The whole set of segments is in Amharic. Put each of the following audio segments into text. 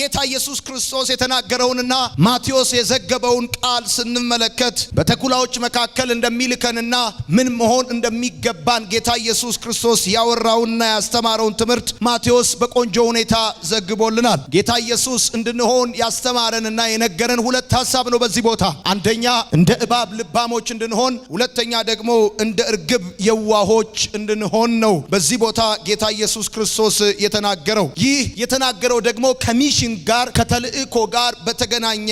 ጌታ ኢየሱስ ክርስቶስ የተናገረውንና ማቴዎስ የዘገበውን ቃል ስንመለከት በተኩላዎች መካከል እንደሚልከንና ምን መሆን እንደሚገባን ጌታ ኢየሱስ ክርስቶስ ያወራውንና ያስተማረውን ትምህርት ማቴዎስ በቆንጆ ሁኔታ ዘግቦልናል። ጌታ ኢየሱስ እንድንሆን ያስተማረንና የነገረን ሁለት ሀሳብ ነው በዚህ ቦታ። አንደኛ እንደ እባብ ልባሞች እንድንሆን፣ ሁለተኛ ደግሞ እንደ እርግብ የዋሆች እንድንሆን ነው በዚህ ቦታ ጌታ ኢየሱስ ክርስቶስ የተናገረው። ይህ የተናገረው ደግሞ ከሚሽ ሚሽን ጋር ከተልእኮ ጋር በተገናኘ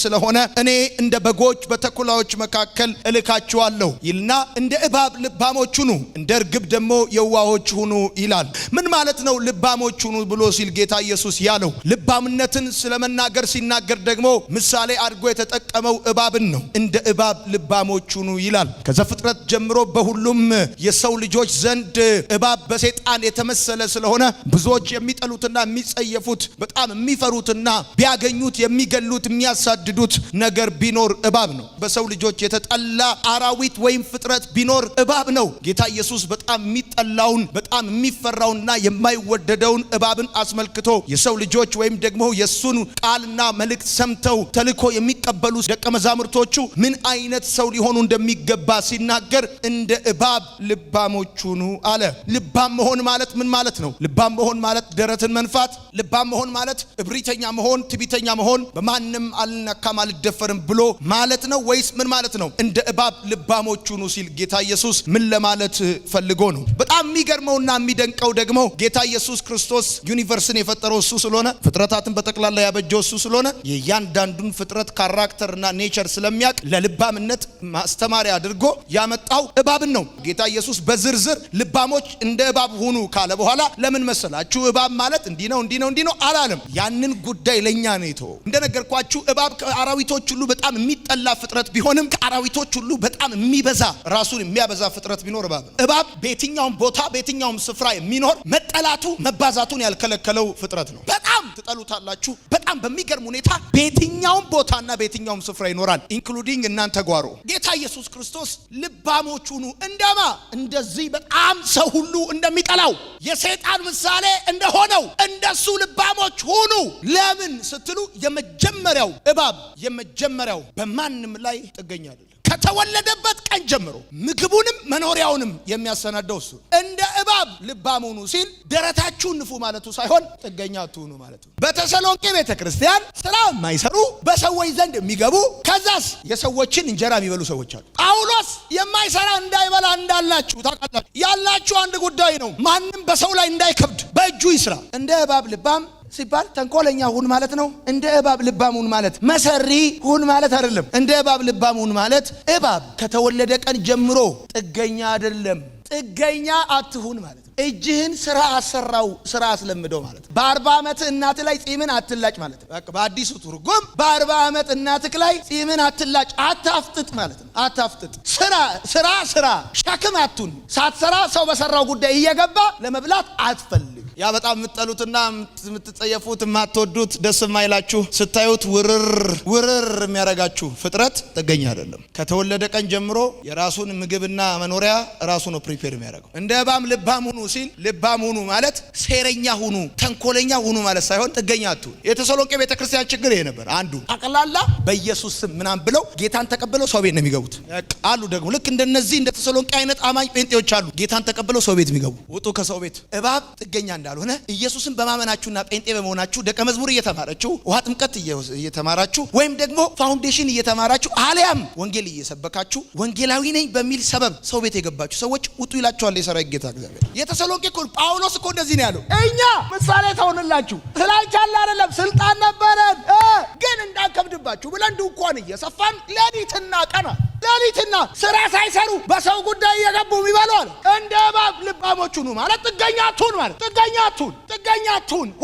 ስለሆነ እኔ እንደ በጎች በተኩላዎች መካከል እልካችኋለሁ ይልና እንደ እባብ ልባሞች ሁኑ፣ እንደ እርግብ ደግሞ የዋሆች ሁኑ ይላል። ምን ማለት ነው? ልባሞች ሁኑ ብሎ ሲል ጌታ ኢየሱስ ያለው ልባምነትን ስለመናገር ሲናገር ደግሞ ምሳሌ አድርጎ የተጠቀመው እባብን ነው። እንደ እባብ ልባሞች ሁኑ ይላል። ከዘፍጥረት ጀምሮ በሁሉም የሰው ልጆች ዘንድ እባብ በሴጣን የተመሰለ ስለሆነ ብዙዎች የሚጠሉትና የሚጸየፉት በጣም የሚፈሩትና ቢያገኙት የሚገሉት የሚያሳድዱት ነገር ቢኖር እባብ ነው። በሰው ልጆች የተጠላ አራዊት ወይም ፍጥረት ቢኖር እባብ ነው። ጌታ ኢየሱስ በጣም የሚጠላውን በጣም የሚፈራውና የማይወደደውን እባብን አስመልክቶ የሰው ልጆች ወይም ደግሞ የእሱን ቃልና መልእክት ሰምተው ተልኮ የሚቀበሉ ደቀ መዛሙርቶቹ ምን አይነት ሰው ሊሆኑ እንደሚገባ ሲናገር እንደ እባብ ልባሞቹኑ አለ። ልባም መሆን ማለት ምን ማለት ነው? ልባም መሆን ማለት ደረትን መንፋት፣ ልባም መሆን ማለት እብሪተኛ መሆን፣ ትቢተኛ መሆን፣ በማንም አልነካም፣ አልደፈርም ብሎ ማለት ነው ወይስ ምን ማለት ነው? እንደ እባብ ልባሞች ሁኑ ሲል ጌታ ኢየሱስ ምን ለማለት ፈልጎ ነው? በጣም የሚገርመውና የሚደንቀው ደግሞ ጌታ ኢየሱስ ክርስቶስ ዩኒቨርስን የፈጠረው እሱ ስለሆነ ፍጥረታትን በጠቅላላ ያበጀው እሱ ስለሆነ የእያንዳንዱን ፍጥረት ካራክተርና ኔቸር ስለሚያውቅ ለልባምነት ማስተማሪያ አድርጎ ያመጣው እባብን ነው። ጌታ ኢየሱስ በዝርዝር ልባሞች እንደ እባብ ሁኑ ካለ በኋላ ለምን መሰላችሁ እባብ ማለት እንዲህ ነው እንዲህ ነው እንዲህ ነው አላለም። ያንን ጉዳይ ለእኛ ነው የተወው። እንደነገርኳችሁ እባብ ከአራዊቶች ሁሉ በጣም የሚጠላ ፍጥረት ቢሆንም ከአራዊቶች ሁሉ በጣም የሚበዛ ራሱን የሚያበዛ ፍጥረት ቢኖር እባብ ነው። እባብ በየትኛውም ቦታ በየትኛውም ስፍራ የሚኖር መጠላቱ መባዛቱን ያልከለከለው ፍጥረት ነው። በጣም ትጠሉታላችሁ። በጣም በሚገርም ሁኔታ በየትኛውም ቦታና በየትኛውም ስፍራ ይኖራል፣ ኢንክሉዲንግ እናንተ ጓሮ። ጌታ ኢየሱስ ክርስቶስ ልባሞች ሁኑ እንደማ እንደዚህ በጣም ሰው ሁሉ እንደሚጠላው የሰይጣን ምሳሌ እንደሆነው እንደሱ ልባሞች ሁኑ ለምን ስትሉ የመጀመሪያው እባብ የመጀመሪያው በማንም ላይ ጥገኛ አይደለም። ከተወለደበት ቀን ጀምሮ ምግቡንም መኖሪያውንም የሚያሰናዳው እሱ። እንደ እባብ ልባም ሁኑ ሲል ደረታችሁ ንፉ ማለቱ ሳይሆን ጥገኛ ማለት ማለቱ። በተሰሎንቄ ቤተ ክርስቲያን ስራ የማይሰሩ በሰዎች ዘንድ የሚገቡ ከዛስ የሰዎችን እንጀራ የሚበሉ ሰዎች አሉ። ጳውሎስ የማይሰራ እንዳይበላ እንዳላችሁ ታውቃላችሁ። ያላችሁ አንድ ጉዳይ ነው፣ ማንም በሰው ላይ እንዳይከብድ በእጁ ይስራ። እንደ እባብ ልባም ሲባል ተንኮለኛ ሁን ማለት ነው። እንደ እባብ ልባም ሁን ማለት መሰሪ ሁን ማለት አይደለም። እንደ እባብ ልባም ሁን ማለት እባብ ከተወለደ ቀን ጀምሮ ጥገኛ አይደለም። ጥገኛ አትሁን ማለት ነው። እጅህን ስራ አሰራው ስራ አስለምደው ማለት ነው። በአርባ ዓመት እናት ላይ ጺምን አትላጭ ማለት ነው። በአዲሱ ትርጉም በአርባ ዓመት እናትክ ላይ ጺምን አትላጭ፣ አታፍጥጥ ማለት ነው። አታፍጥጥ ስራ ስራ ስራ ሸክም አቱን ሳትሰራ ሰው በሰራው ጉዳይ እየገባ ለመብላት አትፈልግ ያ በጣም የምትጠሉትና የምትጸየፉት የማትወዱት ደስ የማይላችሁ ስታዩት ውርር ውርር የሚያደርጋችሁ ፍጥረት ጥገኛ አይደለም። ከተወለደ ቀን ጀምሮ የራሱን ምግብና መኖሪያ ራሱ ነው ፕሪፔር የሚያደርገው። እንደ እባብ ልባም ሁኑ ሲል ልባም ሁኑ ማለት ሴረኛ ሁኑ፣ ተንኮለኛ ሁኑ ማለት ሳይሆን ጥገኛ አትሁኑ። የተሰሎንቄ ቤተ ክርስቲያን ችግር ይሄ ነበር። አንዱ ጠቅላላ በኢየሱስ ስም ምናም ብለው ጌታን ተቀብለው ሰው ቤት ነው የሚገቡት አሉ። ደግሞ ልክ እንደነዚህ እንደ ተሰሎንቄ አይነት አማኝ ጴንጤዎች አሉ። ጌታን ተቀብለው ሰው ቤት የሚገቡ ውጡ ከሰው ቤት እባብ ጥገኛ እንዳልሆነ ኢየሱስን በማመናችሁና ጴንጤ በመሆናችሁ ደቀ መዝሙር እየተማራችሁ ውሃ ጥምቀት እየተማራችሁ ወይም ደግሞ ፋውንዴሽን እየተማራችሁ አሊያም ወንጌል እየሰበካችሁ ወንጌላዊ ነኝ በሚል ሰበብ ሰው ቤት የገባችሁ ሰዎች ውጡ ይላችኋል የሰራዊት ጌታ እግዚአብሔር። የተሰሎንቄ እኮ ጳውሎስ እኮ እንደዚህ ነው ያለው፣ እኛ ምሳሌ ተሆንላችሁ ስላልቻለ አይደለም ስልጣን ነበረን ግን እንዳከብድባችሁ ብለን ድንኳን እየሰፋን ሌሊትና ቀናት ሌሊትና ስራ ሳይሰሩ በሰው ጉዳይ እየገቡ የሚበሉ አለ። እንደ እባብ ልባሞች ሁኑ ማለት ጥገኛ ማለት ጥገኛ አትሁን ጥገኛ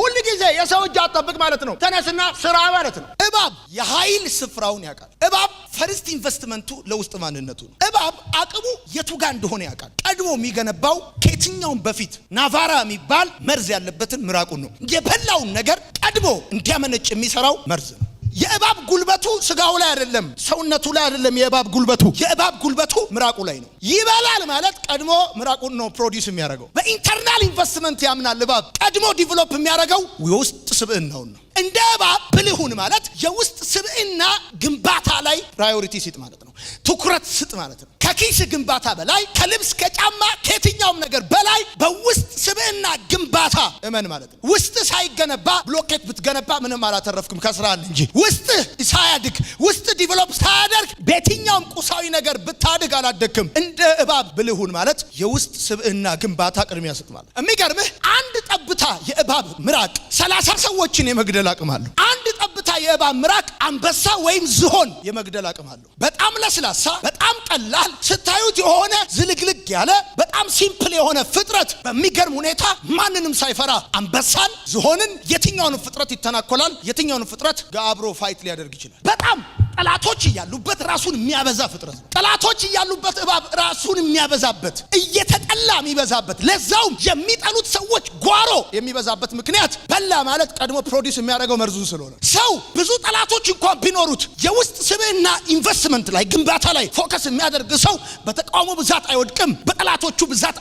ሁል ጊዜ የሰው እጅ አጠብቅ ማለት ነው። ተነስና ስራ ማለት ነው። እባብ የኃይል ስፍራውን ያውቃል። እባብ ፈርስት ኢንቨስትመንቱ ለውስጥ ማንነቱ ነው። እባብ አቅሙ የቱጋ እንደሆነ ያውቃል። ቀድሞ የሚገነባው ከየትኛውም በፊት ናቫራ የሚባል መርዝ ያለበትን ምራቁን ነው። የበላውን ነገር ቀድሞ እንዲያመነጭ የሚሰራው መርዝ ነው። የእባብ ጉልበቱ ስጋው ላይ አይደለም፣ ሰውነቱ ላይ አይደለም። የእባብ ጉልበቱ የእባብ ጉልበቱ ምራቁ ላይ ነው። ይበላል ማለት ቀድሞ ምራቁን ነው ፕሮዲስ የሚያደርገው። በኢንተርናል ኢንቨስትመንት ያምናል እባብ። ቀድሞ ዲቨሎፕ የሚያደርገው የውስጥ ስብዕናውን ነው። እንደ እባብ ብልሁን ማለት የውስጥ ስብዕና ግንባታ ላይ ፕራዮሪቲ ስጥ ማለት ነው። ትኩረት ስጥ ማለት ነው። ከኪስ ግንባታ በላይ ከልብስ ከጫማ ከየትኛውም ነገር በላይ በውስጥ ስብዕና ግንባታ እመን ማለት ነው። ውስጥ ሳይገነባ ብሎኬት ብትገነባ ምንም አላተረፍክም ከስራል እንጂ ውስጥ ሳያድግ ውስጥ ዲቨሎፕ ሳያደርግ በየትኛውም ቁሳዊ ነገር ብታድግ አላደግክም። እንደ እባብ ብልሁን ማለት የውስጥ ስብዕና ግንባታ ቅድሚያ ስጥ ማለት። የሚገርምህ አንድ ጠብታ የእባብ ምራቅ ሰላሳ ሰዎችን የመግደል አቅም አለው። አንድ ጠብታ የእባብ ምራቅ አንበሳ ወይም ዝሆን የመግደል አቅም አለው። በጣም ለስላሳ፣ በጣም ቀላል ስታዩት የሆነ ዝልግልግ ያለ በጣም ሲምፕል የሆነ ፍጥረት በሚገርም ሁኔታ ማንንም ሳይፈራ አንበሳን፣ ዝሆንን፣ የትኛውንም ፍጥረት ይተናኮላል። የትኛውንም ፍጥረት ጋር አብሮ ፋይት ሊያደርግ ይችላል። በጣም ጠላቶች እያሉበት ራሱን የሚያበዛ ፍጥረት ነው። ጠላቶች እያሉበት እባብ ራሱን የሚያበዛበት እየተጠላ የሚበዛበት ለዛውም የሚጠሉት ሰዎች ጓሮ የሚበዛበት ምክንያት በላ ማለት ቀድሞ ፕሮዲስ የሚያደርገው መርዙን ስለሆነ ሰው ብዙ ጠላቶች እንኳን ቢኖሩት የውስጥ ስብዕና ኢንቨስትመንት ላይ ግንባታ ላይ ፎከስ የሚያደርግ ሰው በተቃውሞ ብዛት አይወድቅም፣ በጠላቶቹ ብዛት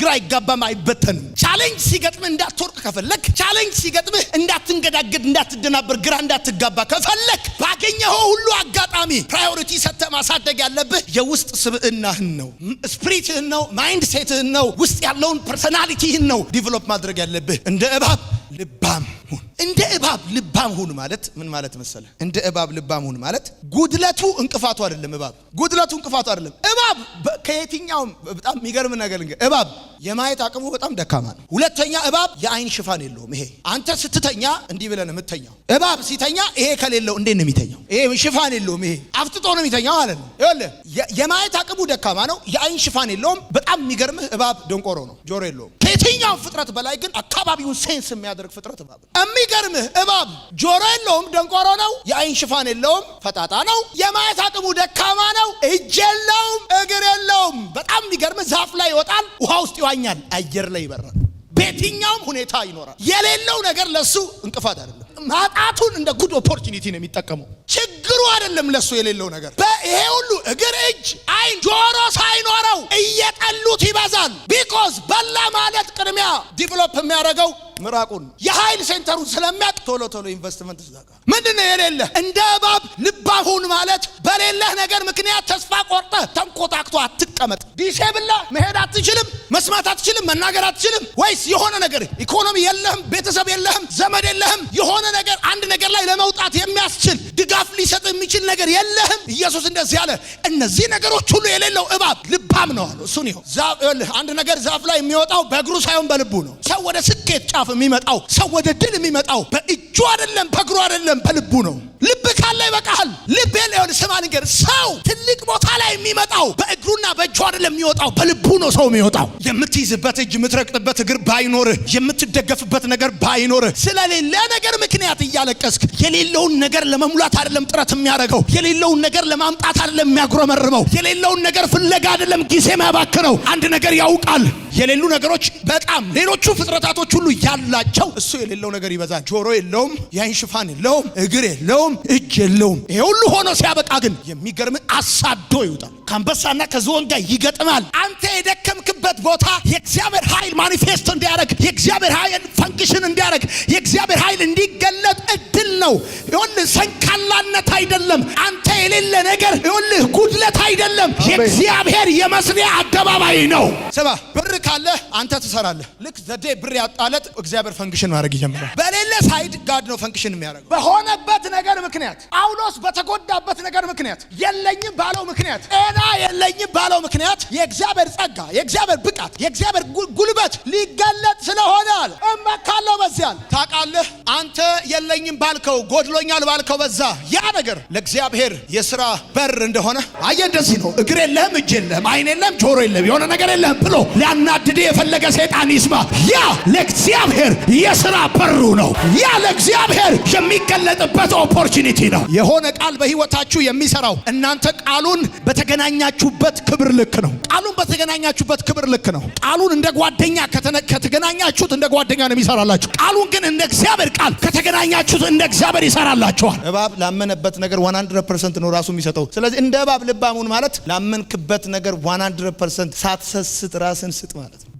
ግራ አይጋባም፣ አይበተንም። ቻሌንጅ ሲገጥምህ እንዳትወርቅ ከፈለግ ቻሌንጅ ሲገጥምህ እንዳትንገዳገድ፣ እንዳትደናበር፣ ግራ እንዳትጋባ ከፈለግ ባገኘኸው ሁሉ አጋጣሚ ፕራዮሪቲ ሰተ ማሳደግ ያለብህ የውስጥ ስብዕናህን ነው፣ ስፕሪትህን ነው፣ ማይንድ ሴትህን ነው፣ ውስጥ ያለውን ፐርሰናሊቲህን ነው ዲቨሎፕ ማድረግ ያለብህ። እንደ እባብ ልባም ሁን። እንደ እባብ ልባም ሁን ማለት ምን ማለት መሰለ? እንደ እባብ ልባም ሁን ማለት ጉድለቱ እንቅፋቱ አይደለም። እባብ ጉድለቱ እንቅፋቱ አይደለም። እባብ ከየትኛውም በጣም የሚገርም ነገር እባብ የማየት አቅሙ በጣም ደካማ ነው። ሁለተኛ እባብ የአይን ሽፋን የለውም። ይሄ አንተ ስትተኛ እንዲህ ብለን የምትተኛው። እባብ ሲተኛ ይሄ ከሌለው እንዴት ነው የሚተኛው? ይሄ ሽፋን የለውም። ይሄ አፍጥጦ ነው የሚተኛው ማለት ነው። ይኸውልህ የማየት አቅሙ ደካማ ነው። የአይን ሽፋን የለውም። በጣም የሚገርምህ እባብ ደንቆሮ ነው፣ ጆሮ የለውም። ከየትኛውም ፍጥረት በላይ ግን አካባቢውን ሴንስ የሚያደርግ ፍጥረት እባብ ነው። የሚገርምህ እባብ ጆሮ የለውም፣ ደንቆሮ ነው፣ የአይን ሽፋን የለውም፣ ፈጣጣ ነው፣ የማየት አቅሙ ደካማ ነው፣ እጅ የለውም፣ እግር የለውም። በጣም የሚገርምህ ዛፍ ላይ ይወጣል፣ ውሃ ውስጥ ይዋኛል፣ አየር ላይ ይበራል። በየትኛውም ሁኔታ ይኖራል። የሌለው ነገር ለሱ እንቅፋት አይደለም። ማጣቱን እንደ ጉድ ኦፖርቹኒቲ ነው የሚጠቀመው። ችግሩ አይደለም ለሱ የሌለው ነገር። ይሄ ሁሉ እግር፣ እጅ፣ አይን፣ ጆሮ ሳይኖረው እየጠሉት ይበዛል። ቢኮዝ በላ ማለት ቅድሚያ ዲቨሎፕ የሚያደርገው ምራቁን የኃይል ሴንተሩን ስለሚያቅ ቶሎ ቶሎ ኢንቨስትመንት ይዘጋል። ምንድን ነው የሌለ እንደ እባብ ልባሁን ማለት በሌለህ ነገር ምክንያት ተስፋ ቆርጠ ተንኮታክቶ አትቀመጥ። ዲሴብላ መሄድ አትችልም፣ መስማት አትችልም፣ መናገር አትችልም። ወይስ የሆነ ነገር ኢኮኖሚ የለህም፣ ቤተሰብ የለህም፣ ዘመድ የለህም፣ የሆነ ነገር አንድ ነገር ላይ ለመውጣት የሚያስችል ድጋፍ ሊሰጥ የሚችል ነገር የለህም። ኢየሱስ እንደዚህ አለ፣ እነዚህ ነገሮች ሁሉ የሌለው እባብ ልባም ነው አለ። እሱን ይኸው አንድ ነገር ዛፍ ላይ የሚወጣው በእግሩ ሳይሆን በልቡ ነው። ሰው ወደ ስኬት ጫፍ የሚመጣው ሰው ወደ ድል የሚመጣው በእጁ አይደለም፣ በእግሩ አይደለም፣ በልቡ ነው። ልብ ካለ ይበቃ get a ሰው ትልቅ ቦታ ላይ የሚመጣው በእግሩና በእጁ አይደለም የሚወጣው፣ በልቡ ነው ሰው የሚወጣው። የምትይዝበት እጅ፣ የምትረቅጥበት እግር ባይኖርህ፣ የምትደገፍበት ነገር ባይኖርህ፣ ስለሌለ ነገር ምክንያት እያለቀስክ የሌለውን ነገር ለመሙላት አይደለም ጥረት የሚያደርገው፣ የሌለውን ነገር ለማምጣት አይደለም የሚያጉረመርመው፣ የሌለውን ነገር ፍለጋ አይደለም ጊዜ የሚያባክነው። አንድ ነገር ያውቃል፣ የሌሉ ነገሮች በጣም ሌሎቹ ፍጥረታቶች ሁሉ ያላቸው እሱ የሌለው ነገር ይበዛል። ጆሮ የለውም፣ የአይን ሽፋን የለውም፣ እግር የለውም፣ እጅ የለውም። ይሄ ሁሉ ሆኖ ሲያበቃ ግን የሚገ ነገር አሳዶ ይውጣል። ከአንበሳና ከዝሆን ጋር ይገጥማል። አንተ የደከምክበት ቦታ የእግዚአብሔር ኃይል ማኒፌስቶ እንዲያደርግ የእግዚአብሔር ኃይል ፈንክሽን እንዲያደርግ የእግዚአብሔር ኃይል እንዲገለጥ እድል ነው። ይኸውልህ ሰንካላነት አይደለም። አንተ የሌለ ነገር ይኸውልህ ጉድለት አይደለም። የእግዚአብሔር የመስሪያ አደባባይ ነው። ስማ ካለህ አንተ ትሰራለህ። ልክ ዘዴ ብር ያጣለጥ እግዚአብሔር ፈንክሽን ማድረግ ይጀምራል። በሌለ ሳይድ ጋድ ነው ፈንክሽን የሚያደርገው። በሆነበት ነገር ምክንያት ጳውሎስ በተጎዳበት ነገር ምክንያት የለኝም ባለው ምክንያት ጤና የለኝም ባለው ምክንያት የእግዚአብሔር ጸጋ፣ የእግዚአብሔር ብቃት፣ የእግዚአብሔር ጉልበት ሊገለጥ ስለሆነ አለ እመካለሁ። በዚያል ታውቃለህ፣ አንተ የለኝም ባልከው ጎድሎኛል ባልከው በዛ ያ ነገር ለእግዚአብሔር የስራ በር እንደሆነ አየ። እንደዚህ ነው እግር የለህም እጅ የለህም አይን የለህም ጆሮ የለህም የሆነ ነገር የለህም ብሎ ሊያና ሊያሳድድ የፈለገ ሰይጣን ይስማ። ያ ለእግዚአብሔር የሥራ በሩ ነው። ያ ለእግዚአብሔር የሚገለጥበት ኦፖርቹኒቲ ነው። የሆነ ቃል በሕይወታችሁ የሚሰራው እናንተ ቃሉን በተገናኛችሁበት ክብር ልክ ነው። ቃሉን በተገናኛችሁበት ክብር ልክ ነው። ቃሉን እንደ ጓደኛ ከተገናኛችሁት እንደ ጓደኛ ነው የሚሰራላችሁ። ቃሉን ግን እንደ እግዚአብሔር ቃል ከተገናኛችሁት እንደ እግዚአብሔር ይሰራላችኋል። እባብ ላመነበት ነገር 100 ነው ራሱ የሚሰጠው። ስለዚህ እንደ እባብ ልባሙን ማለት ላመንክበት ነገር 100 ሳትሰስጥ ራስን ስጥ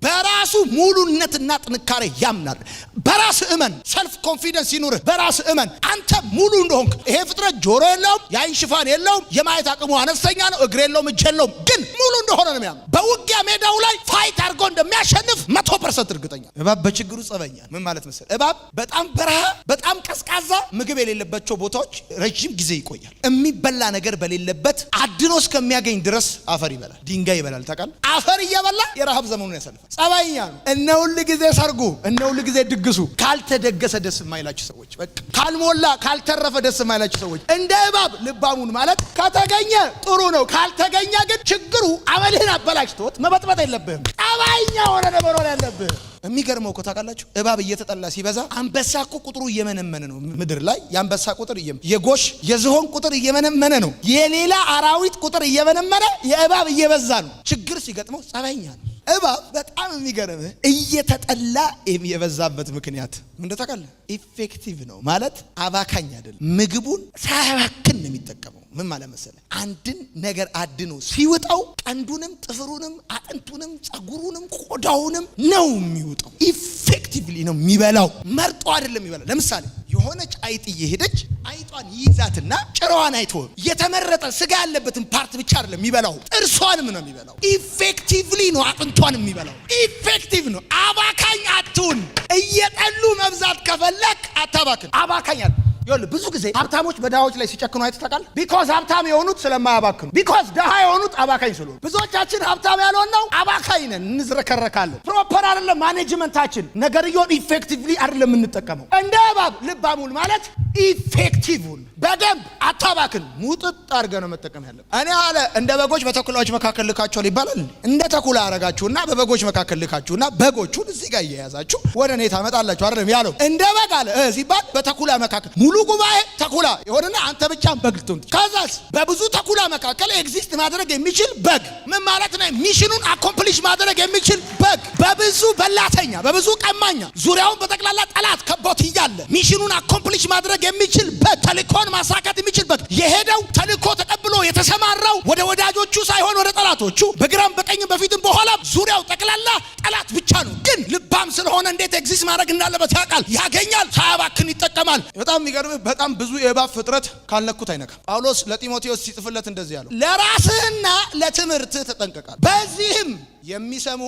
በራሱ ሙሉነትና ጥንካሬ ያምናል። በራስ እመን፣ ሰልፍ ኮንፊደንስ ይኑርህ። በራስ እመን፣ አንተ ሙሉ እንደሆንክ። ይሄ ፍጥረት ጆሮ የለውም፣ የአይን ሽፋን የለውም፣ የማየት አቅሙ አነስተኛ ነው፣ እግር የለውም፣ እጅ የለውም፣ ግን ሙሉ እንደሆነ ነው ያምን። በውጊያ ሜዳው ላይ ፋይት አድርጎ እንደሚያሸንፍ መቶ ፐርሰንት እርግጠኛ። እባብ በችግሩ ጸበኛ። ምን ማለት መሰል፣ እባብ በጣም በረሃ፣ በጣም ቀዝቃዛ፣ ምግብ የሌለባቸው ቦታዎች ረዥም ጊዜ ይቆያል። የሚበላ ነገር በሌለበት አድኖ እስከሚያገኝ ድረስ አፈር ይበላል፣ ድንጋይ ይበላል። ታውቃለህ፣ አፈር እየበላ የረሃብ ዘመኑን ያሳልፋል። ጸባይኛ ነው። እነ ሁል ጊዜ ሰርጉ፣ እነ ሁል ጊዜ ድግሱ ካልተደገሰ ደስ የማይላችሁ ሰዎች፣ በቃ ካልሞላ ካልተረፈ ደስ የማይላችሁ ሰዎች፣ እንደ እባብ ልባሙን ማለት ከተገኘ ጥሩ ነው፣ ካልተገኘ ግን ችግሩ አመልህን አበላሽቶት መበጥበጥ የለብህም። ጸባይኛ ሆነ ነው መኖር ያለብህ። የሚገርመው እኮ ታውቃላችሁ፣ እባብ እየተጠላ ሲበዛ አንበሳ እኮ ቁጥሩ እየመነመነ ነው። ምድር ላይ የአንበሳ ቁጥር የጎሽ የዝሆን ቁጥር እየመነመነ ነው። የሌላ አራዊት ቁጥር እየመነመነ የእባብ እየበዛ ነው። ችግር ሲገጥመው ጸበኛ ነው። እባብ በጣም የሚገርም እየተጠላ የበዛበት ምክንያት ምንደ ታውቃለህ? ኢፌክቲቭ ነው ማለት አባካኝ አይደለም። ምግቡን ሳያባክን ነው የሚጠቀመው። ምን ማለት መሰለ አንድን ነገር አድኖ ሲውጠው ቀንዱንም፣ ጥፍሩንም፣ አጥንቱንም፣ ጸጉሩንም፣ ቆዳውንም ነው የሚውጠው። ኢፌክቲቭሊ ነው የሚበላው። መርጦ አይደለም የሚበላው። ለምሳሌ የሆነች አይጥ እየሄደች አይጧን ይይዛትና ጭራዋን አይተውም። የተመረጠ ስጋ ያለበትን ፓርት ብቻ አይደለም የሚበላው፣ ጥርሷንም ነው የሚበላው። ኢፌክቲቭሊ ነው አጥንቷን የሚበላው። ኢፌክቲቭ ነው። አባካኝ አትሁን። እየጠሉ መብዛት ከፈለክ አታባክን። አባካኝ ብዙ ጊዜ ሀብታሞች በድሃዎች ላይ ሲጨክኑ አይተህ ታውቃለህ? ቢኮዝ ሀብታም የሆኑት ስለማያባክኑ፣ ቢኮዝ ድሃ የሆኑት አባካኝ ስለሆኑ። ብዙዎቻችን ሀብታም ያልሆን ነው አባካኝ ነን፣ እንዝረከረካለን። ፕሮፐር አይደለም ማኔጅመንታችን፣ ነገርየውን ኢፌክቲቭሊ አይደለም የምንጠቀመው። እንደ እባብ ልባሙን ማለት ኢፌክቲቭን በደንብ አታባክን፣ ሙጥጥ አድርገህ ነው መጠቀም ያለ። እኔ አለ እንደ በጎች በተኩላዎች መካከል ልካቸዋል ይባላል። እንደ ተኩላ አረጋችሁና በበጎች መካከል ልካችሁና በጎቹን እዚህ ጋር እየያዛችሁ ወደ እኔ ታመጣላችሁ አይደለም ያለው። እንደ በግ አለ ሲባል በተኩላ መካከል ሙሉ ጉባኤ ተኩላ የሆነና አንተ ብቻ በግ ልትሆን ከዛስ በብዙ ተኩላ መካከል ኤግዚስት ማድረግ የሚችል በግ ምን ማለት ነው? ሚሽኑን አኮምፕሊሽ ማድረግ የሚችል በግ በብዙ በላተኛ በብዙ ቀማኛ ዙሪያውን በጠቅላላ ጠላት ከቦት እያለ ሚሽኑን አኮምፕሊሽ ማድረግ የሚችልበት ተልኮን ማሳካት የሚችልበት የሄደው ተልኮ ተቀብሎ የተሰማራው ወደ ወዳጆቹ ሳይሆን ወደ ጠላቶቹ በግራም በቀኝም በፊትም በኋላም ዙሪያው ጠቅላላ ጠላት ብቻ ነው። ግን ልባም ስለሆነ እንዴት ኤግዚስት ማድረግ እንዳለበት ያውቃል፣ ያገኛል፣ ሳያባክን ይጠቀማል። በጣም የሚገርም በጣም ብዙ የእባብ ፍጥረት ካልነኩት አይነካም። ጳውሎስ ለጢሞቴዎስ ሲጽፍለት እንደዚህ ያለው ለራስህና ለትምህርትህ ተጠንቀቃል፣ በዚህም የሚሰሙ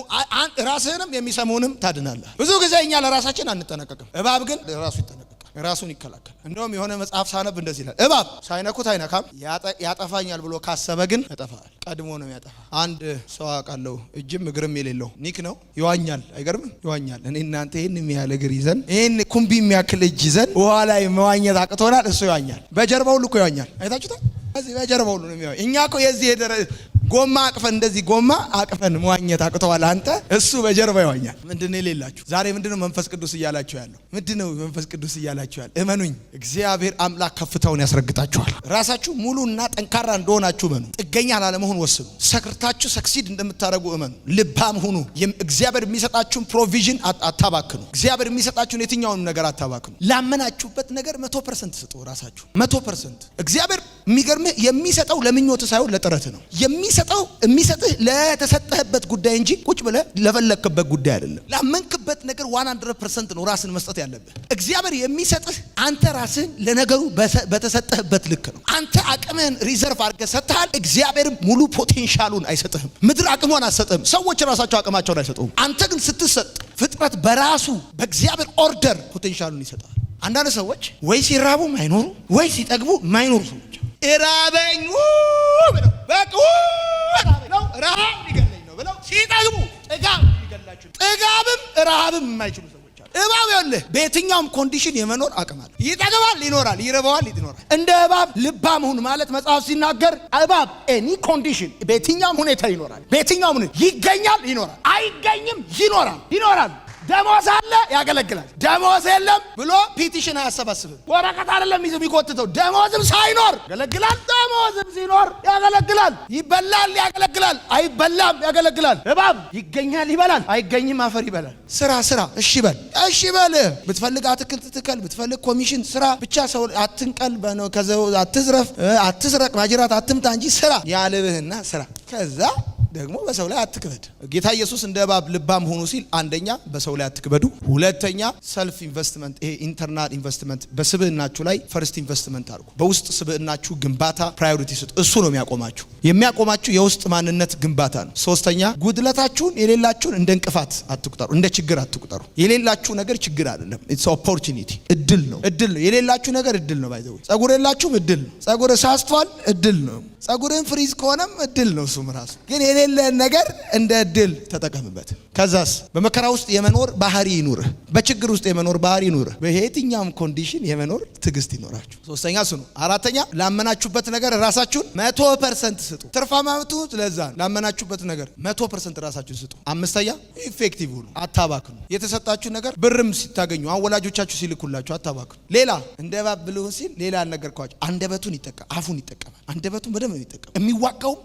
ራስህንም የሚሰሙንም ታድናለህ። ብዙ ጊዜ እኛ ለራሳችን አንጠነቀቅም፣ እባብ ግን ለራሱ ይጠነቀቃል። ራሱን ይከላከል። እንደውም የሆነ መጽሐፍ ሳነብ እንደዚህ ይላል፣ እባብ ሳይነኩት አይነካም፣ ያጠፋኛል ብሎ ካሰበ ግን ያጠፋል። ቀድሞ ነው ያጠፋ። አንድ ሰው አውቃለሁ፣ እጅም እግርም የሌለው ኒክ ነው፣ ይዋኛል። አይገርምም? ይዋኛል። እኔ እናንተ ይህን የሚያህል እግር ይዘን ይህን ኩምቢ የሚያክል እጅ ይዘን ውሃ ላይ መዋኘት አቅቶናል፣ እሱ ይዋኛል። በጀርባ ሁሉ እኮ ይዋኛል። አይታችሁታል? በዚህ በጀርባ ሁሉ ነው የሚዋኘው። እኛ እኮ የዚህ ጎማ አቅፈን እንደዚህ ጎማ አቅፈን መዋኘት አቅተዋል። አንተ እሱ በጀርባ ይዋኛል። ምንድን የሌላችሁ? ዛሬ ምንድን ነው መንፈስ ቅዱስ እያላችሁ ያለው? ምንድን ነው መንፈስ ቅዱስ እያላችሁ ያለው? እመኑኝ፣ እግዚአብሔር አምላክ ከፍታውን ያስረግጣችኋል። ራሳችሁ ሙሉና ጠንካራ እንደሆናችሁ እመኑ። ጥገኛ ላለመሆን ወስኑ። ሰክርታችሁ ሰክሲድ እንደምታደርጉ እመኑ። ልባም ሁኑ። እግዚአብሔር የሚሰጣችሁን ፕሮቪዥን አታባክኑ። እግዚአብሔር የሚሰጣችሁን የትኛውንም ነገር አታባክኑ። ላመናችሁበት ነገር መቶ ፐርሰንት ስጡ። ራሳችሁ መቶ ፐርሰንት እግዚአብሔር የሚገርምህ የሚሰጠው ለምኞት ሳይሆን ለጥረት ነው የሚሰጠው። የሚሰጥህ ለተሰጠህበት ጉዳይ እንጂ ቁጭ ብለህ ለፈለክበት ጉዳይ አይደለም። ላመንክበት ነገር 100% ነው ራስን መስጠት ያለብህ። እግዚአብሔር የሚሰጥህ አንተ ራስህን ለነገሩ በተሰጠህበት ልክ ነው። አንተ አቅምህን ሪዘርቭ አድርገህ ሰጥተሃል። እግዚአብሔር ሙሉ ፖቴንሻሉን አይሰጥህም። ምድር አቅሟን አትሰጥህም። ሰዎች ራሳቸው አቅማቸውን አይሰጡም። አንተ ግን ስትሰጥ ፍጥረት በራሱ በእግዚአብሔር ኦርደር ፖቴንሻሉን ይሰጣል። አንዳንድ ሰዎች ወይ ሲራቡ ማይኖሩ ወይ ሲጠግቡ ማይኖሩ ሰዎች እራበኝ ብለው በቃ ረሃብ ሊገለኝ ነው ብለው ሲጠግቡ ጥጋብ ጥጋብም ረሃብም የማይችሉ ሰዎች አሉ። እባብ ይኸውልህ በየትኛውም ኮንዲሽን የመኖር አቅም አለ። ይጠግባል፣ ይኖራል፣ ይረባዋል፣ ይኖራል። እንደ እባብ ልባም ሁን ማለት መጽሐፍ ሲናገር እባብ ኤኒ ኮንዲሽን በየትኛውም ሁኔታ ይኖራል። በየትኛውም ይገኛል፣ ይኖራል፣ አይገኝም፣ ይኖራል፣ ይኖራል ደሞዝ አለ ያገለግላል። ደሞዝ የለም ብሎ ፒቲሽን አያሰባስብም። ወረቀት አይደለም ይዞ የሚጎትተው። ደሞዝም ሳይኖር ያገለግላል፣ ደሞዝም ሲኖር ያገለግላል። ይበላል፣ ያገለግላል፣ አይበላም፣ ያገለግላል። እባብ ይገኛል፣ ይበላል፣ አይገኝም፣ አፈር ይበላል። ስራ ስራ፣ እሺ በል እሺ በል። ብትፈልግ አትክልት ትከል፣ ብትፈልግ ኮሚሽን ስራ። ብቻ ሰው አትንቀል፣ አትዝረፍ፣ አትስረቅ፣ ማጅራት አትምታ እንጂ ስራ ያልብህና ስራ ከዛ ደግሞ በሰው ላይ አትክበድ። ጌታ ኢየሱስ እንደ እባብ ልባም ሆኑ ሲል አንደኛ በሰው ላይ አትክበዱ፣ ሁለተኛ ሰልፍ ኢንቨስትመንት፣ ይሄ ኢንተርናል ኢንቨስትመንት በስብዕናችሁ ላይ ፈርስት ኢንቨስትመንት አድርጉ። በውስጥ ስብዕናችሁ ግንባታ ፕራዮሪቲ ስጥ። እሱ ነው የሚያቆማችሁ። የሚያቆማችሁ የውስጥ ማንነት ግንባታ ነው። ሶስተኛ ጉድለታችሁን የሌላችሁን እንደ እንቅፋት አትቁጠሩ፣ እንደ ችግር አትቁጠሩ። የሌላችሁ ነገር ችግር አይደለም። ኢትስ ኦፖርቹኒቲ እድል ነው፣ እድል ነው። የሌላችሁ ነገር እድል ነው። ባይዘው ጸጉር የላችሁም እድል ነው። ጸጉር ሳስቷል እድል ነው። ጸጉርን ፍሪዝ ከሆነም እድል ነው። እሱም ራሱ ግን የሌለህን ነገር እንደ እድል ተጠቀምበት። ከዛስ በመከራ ውስጥ የመኖር ባህሪ ይኑር፣ በችግር ውስጥ የመኖር ባህሪ ይኑር፣ በየትኛውም ኮንዲሽን የመኖር ትግስት ይኖራችሁ። ሶስተኛ ስኑ። አራተኛ ላመናችሁበት ነገር ራሳችሁን መቶ ፐርሰንት ስጡ። ትርፋማቱ ለዛ ላመናችሁበት ነገር መቶ ፐርሰንት ራሳችሁን ስጡ። አምስተኛ ኢፌክቲቭ ሁኑ፣ አታባክኑ። የተሰጣችሁ ነገር ብርም ሲታገኙ አወላጆቻችሁ ሲልኩላችሁ አታባክኑ። ሌላ እንደ እባብ ብልሁን ሲል ሌላ ያልነገርኳችሁ አንደበቱን ይጠቀም አፉን ይጠቀማል። አንደበቱን በደንብ ይጠቀም የሚዋጋውም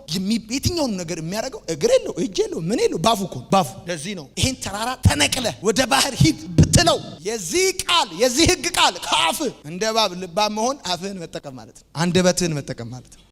የትኛውን ነገር የሚያ የሚያደርገው እግር የለው እጅ የለው ምን የለው ባፉ እኮ ባፉ። ለዚህ ነው ይህን ተራራ ተነቅለ ወደ ባህር ሂድ ብትለው የዚህ ቃል የዚህ ህግ ቃል ከአፍ እንደ ባብ ልባ መሆን አፍህን መጠቀም ማለት ነው። አንደበትህን መጠቀም ማለት ነው።